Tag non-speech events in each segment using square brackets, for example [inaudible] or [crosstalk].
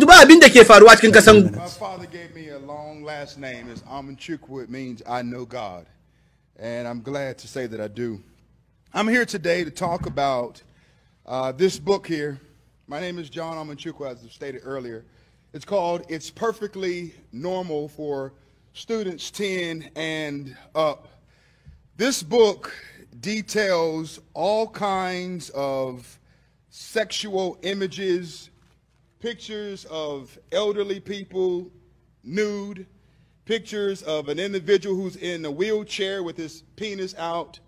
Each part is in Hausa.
da ke faruwa cikin kasan My father gave me a long last name. It's Amanchukwu. It means I know God. And I'm glad to say that I do. I'm here today to talk about uh, this book here. My name is John Amanchukwu, as I stated earlier. It's called It's Perfectly Normal for Students 10 and Up. This book details all kinds of sexual images, pictures of elderly people nude, pictures of an individual who's in a wheelchair with his penis out.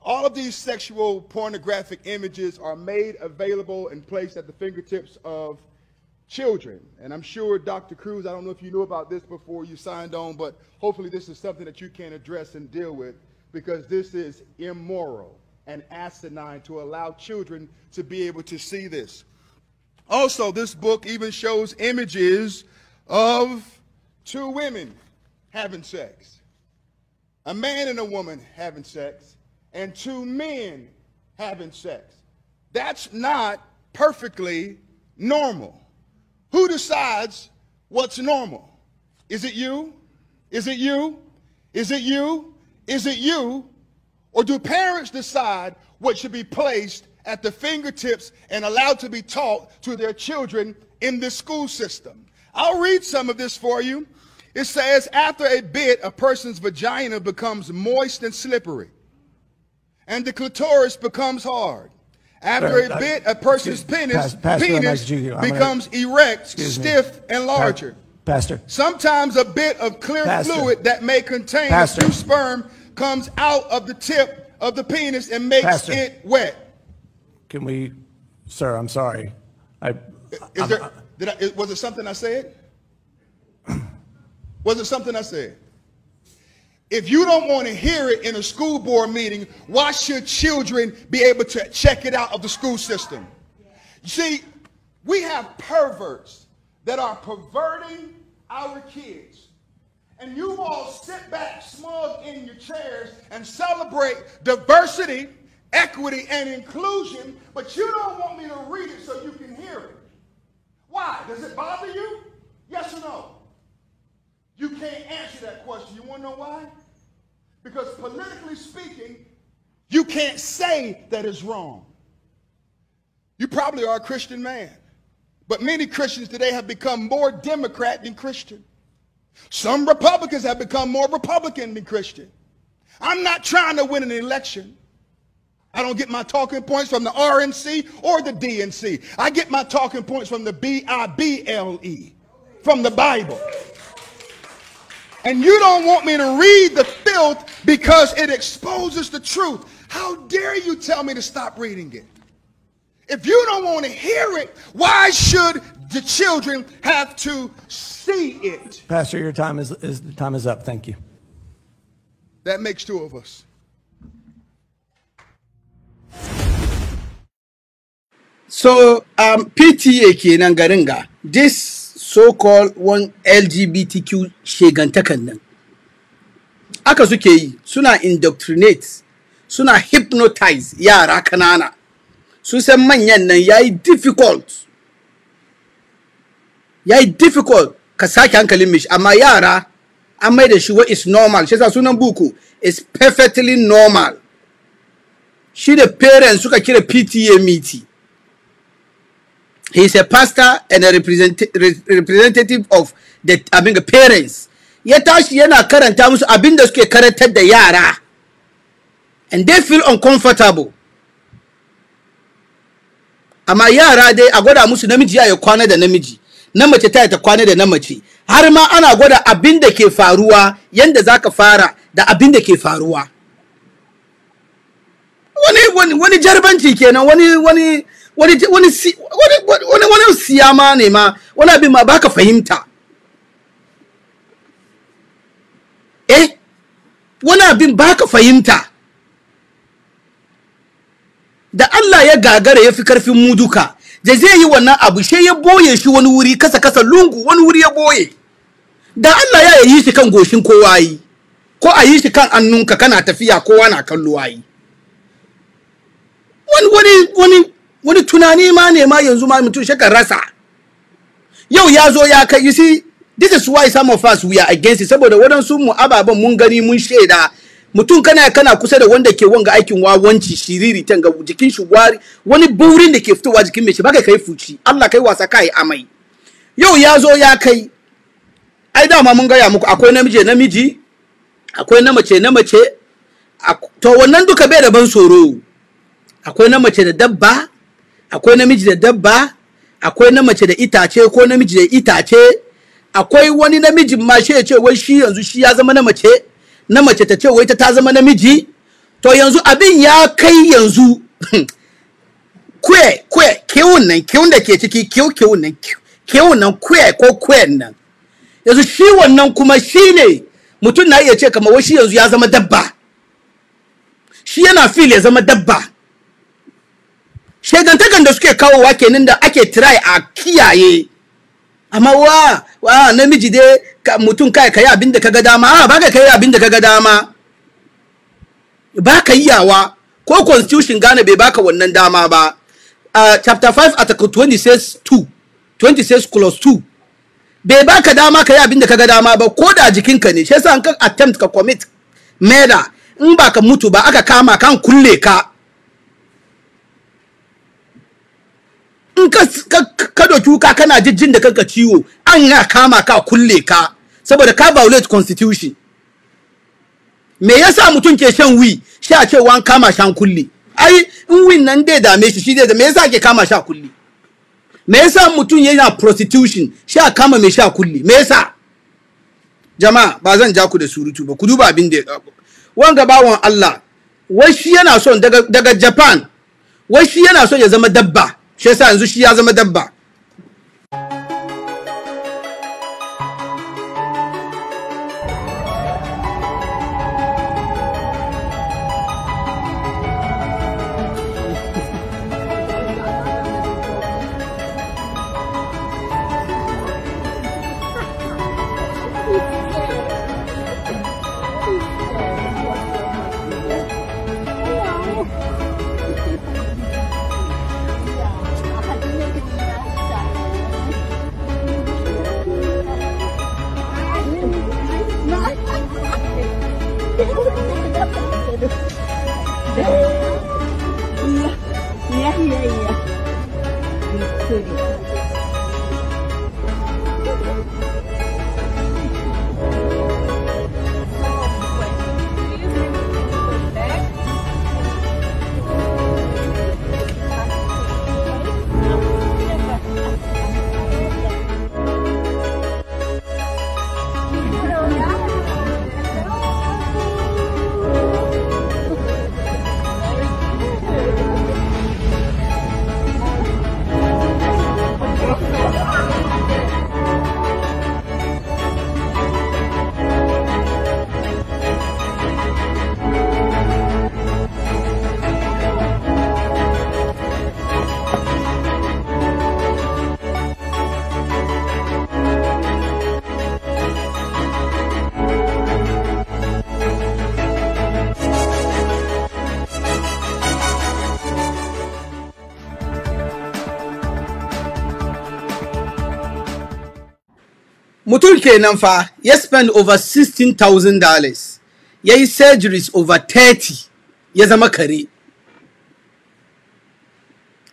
All of these sexual pornographic images are made available and placed at the fingertips of children. And I'm sure, Dr. Cruz, I don't know if you knew about this before you signed on, but hopefully this is something that you can address and deal with because this is immoral and asinine to allow children to be able to see this. Also, this book even shows images of two women having sex, a man and a woman having sex, and two men having sex. That's not perfectly normal. Who decides what's normal? Is it you? Is it you? Is it you? Is it you? Or do parents decide what should be placed at the fingertips and allowed to be taught to their children in this school system. I'll read some of this for you. It says, after a bit, a person's vagina becomes moist and slippery, and the clitoris becomes hard. After a bit, a person's penis, penis becomes erect, stiff, and larger. Pastor. Sometimes a bit of clear Pastor. fluid that may contain Pastor. a few sperm comes out of the tip of the penis and makes Pastor. it wet. Can we, sir, I'm sorry. I, is I'm, there, did I, was it something I said? Was it something I said? If you don't want to hear it in a school board meeting, why should children be able to check it out of the school system? You see, we have perverts that are perverting our kids. And you all sit back smug in your chairs and celebrate diversity equity, and inclusion, but you don't want me to read it so you can hear it. Why? Does it bother you? Yes or no? You can't answer that question. You want to know why? Because politically speaking, you can't say that it's wrong. You probably are a Christian man, but many Christians today have become more Democrat than Christian. Some Republicans have become more Republican than Christian. I'm not trying to win an election. I don't get my talking points from the RNC or the DNC. I get my talking points from the B I B L E, from the Bible. And you don't want me to read the filth because it exposes the truth. How dare you tell me to stop reading it? If you don't want to hear it, why should the children have to see it? Pastor, your time is, is time is up. Thank you. That makes two of us. So, um, PTA kenan garin ga, this so-called one LGBTQ shegantakan nan. Aka suke yi, suna indoctrinate, suna hypnotize yara kanana. Sun san manyan nan ya yi difficult. Ya yi difficult ka sake hankalin mishi, amma yara an mai da shi wa is normal, shi sunan buku is perfectly normal. Shi da parents suka kira PTA meeting. He is a pastor and a represent, representative of the I mean, parents. Ya tashi yana karanta musu abin da suke karantar da yara. And they feel uncomfortable. Amma yara dai a gwada musu namiji ya kwana da namiji, na mace ta kwana da na Har ma ana gwada abin da ke faruwa yanda za fara da abin da ke faruwa. Wani, wani, wani kenan wani wani wani wani siya ma ne ma wani abin ma baka fahimta eh wani abin baka fahimta da Allah ya gagara ya fi karfin mu duka da zai yi wannan abu sai ya boye shi wani wuri kasa kasa lungu wani wuri ya boye da Allah ya yi shi kan goshin kowa yi ko a yi shi kan annunka kana tafiya kowa na kallo yi wani wani wani wani tunani ma ne ma yanzu ma mutum shi rasa yau ya zo ya kai isi this is why some of us we are against it saboda waɗansu mu ababen mun gani mun shaida mutum kana kana kusa da wanda ke wanga aikin wawanci shiriri ga jikin shi wari wani burin da ke fitowa jikin mai shi baka kai fuci Allah kai wasa kai amai yau ya zo ya kai ai dama mun gaya muku akwai namiji namiji akwai na mace na mace to wannan duka bai da ban tsoro akwai na mace da dabba akwai namiji da dabba akwai na mace da itace ko namiji da itace akwai wani namiji ma shi ya ce wai shi yanzu shi ya zama na mace na mace ta ce wai ta zama namiji to yanzu abin ya kai yanzu [laughs] kwe kwe kiwun nan da ke ciki kiwu kiwun nan kiwun nan kwe ko kwe nan yanzu shi wannan kuma shi ne mutum na iya ce kamar wai shi yanzu ya zama dabba shi yana fil ya zama dabba shegantakan da suke kawowa kenan da ake try a kiyaye amma wa wa namiji dai mutum kai kai abin da kaga dama ba baka kai abin da kaga dama ba ka yawa ko constitution Ghana bai baka wannan dama ba chapter 5 article 26 2 26 clause 2 bai baka dama ka yi abin da kaga dama ba ko da jikinka ne shi yasa an ka attempt ka commit murder in baka mutu ba aka kama kan kulle ka in ka doki wuka kana jijjin da kanka ciwo an ya kama ka kulle ka saboda ka violate constitution me yasa mutum ke shan wi sha cewa an kama shan kulle ai in wi nan dai dame shi shi dai me yasa ke kama sha kulle me yasa mutum yana prostitution sha kama me sha kulle me yasa jama'a ba zan ja ku da surutu ba ku duba abin da wanga bawon Allah wai shi yana son daga daga Japan wai shi yana son ya zama dabba shi yasa yanzu shi ya zama dabba いやいやいや。びっくり。mutum kenan fa ya spend over $16,000 ya yi surgeries over 30 ya zama kare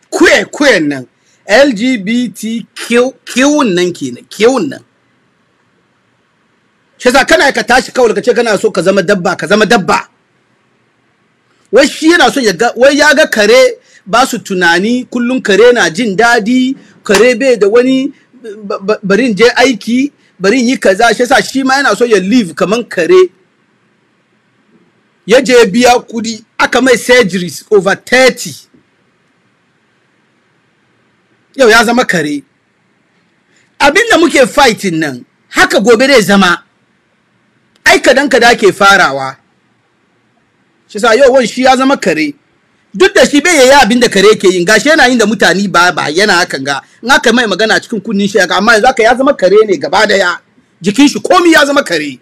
kuye-kuyen nan lgbtq nan kenan kewun nan shi za kana ka tashi kawai ka ce kana so ka zama dabba ka zama dabba wai shi yana so wai ya ga kare ba su tunani kullum kare na jin daɗi kare bai da wani barin je aiki bari yi kaza shi yasa shi ma yana so ya leave kaman kare ya je biya kudi aka mai surgeries over 30 yau ya zama kare abin da muke fighting nan haka gobe zai zama ai kadan kada ke farawa shi yau wani shi ya zama kare duk da shi bai yayi abin da kare yake yin gashi yana yin da mutane ba ba yana hakan ga in aka mai magana cikin kunnin shi amma yanzu aka ya zama kare ne gaba da ya. jikin shi komai ya zama kare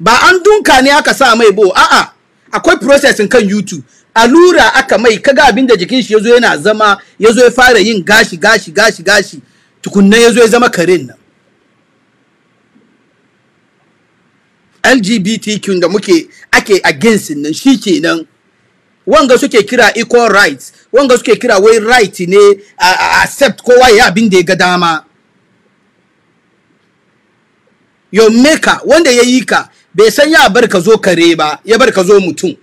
ba an dunka ne aka sa mai bo a'a akwai processing kan YouTube allura aka mai kaga abin da jikin shi yazo yana zama yazo ya fara yin gashi gashi gashi gashi tukunna yazo ya zama karen nan LGBTQ da muke ake against nan shi kenan wanga suke kira equal rights wanga suke kira wai right ne a accept kowa ya abin da ya ga dama your maker wanda ya yi ka bai san ya bar ka zo kare ba ya bar ka zo mutum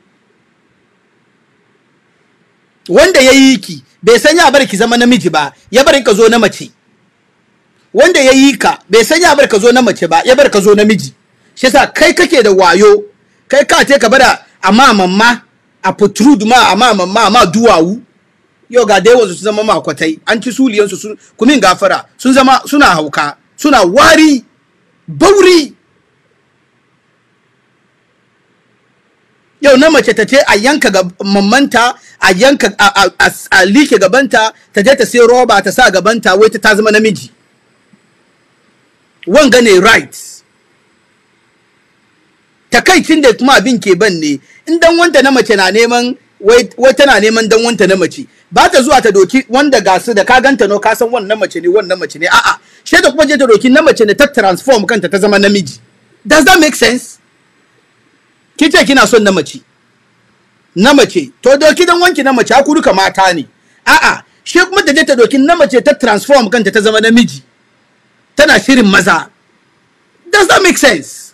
wanda ya yi ki bai san ya bar ki zama namiji ba ya bar ka zo na mace wanda ya yi ka bai san ya bar ka zo na mace ba ya bar ka zo namiji shi yasa kai kake da wayo kai ka te ka bara amma mamma A ma ama ma ma duwawu yau ga wasu sun zama makwatai an ci suliyansu kumin gafara sun zama suna hauka suna wari bauri yau na mace ta ce a yanka mammanta a yanka a like gabanta ta je ta sai roba ta sa gabanta wai ta zama namiji wanga ne right takaicin da kuma abin ke ban ne in dan wanta na mace na neman wai tana neman dan wanta na mace ba ta zuwa ta doki wanda ga su da ka ganta no ka san wannan mace ne wannan mace ne a'a she da kuma je ta doki na mace ne ta transform kanta ta zama namiji does that make sense ki ce kina son na mace na mace to doki dan wanki na mace ku duka mata ne a'a she kuma ta je ta doki na mace ta transform kanta ta zama namiji tana shirin maza does that make sense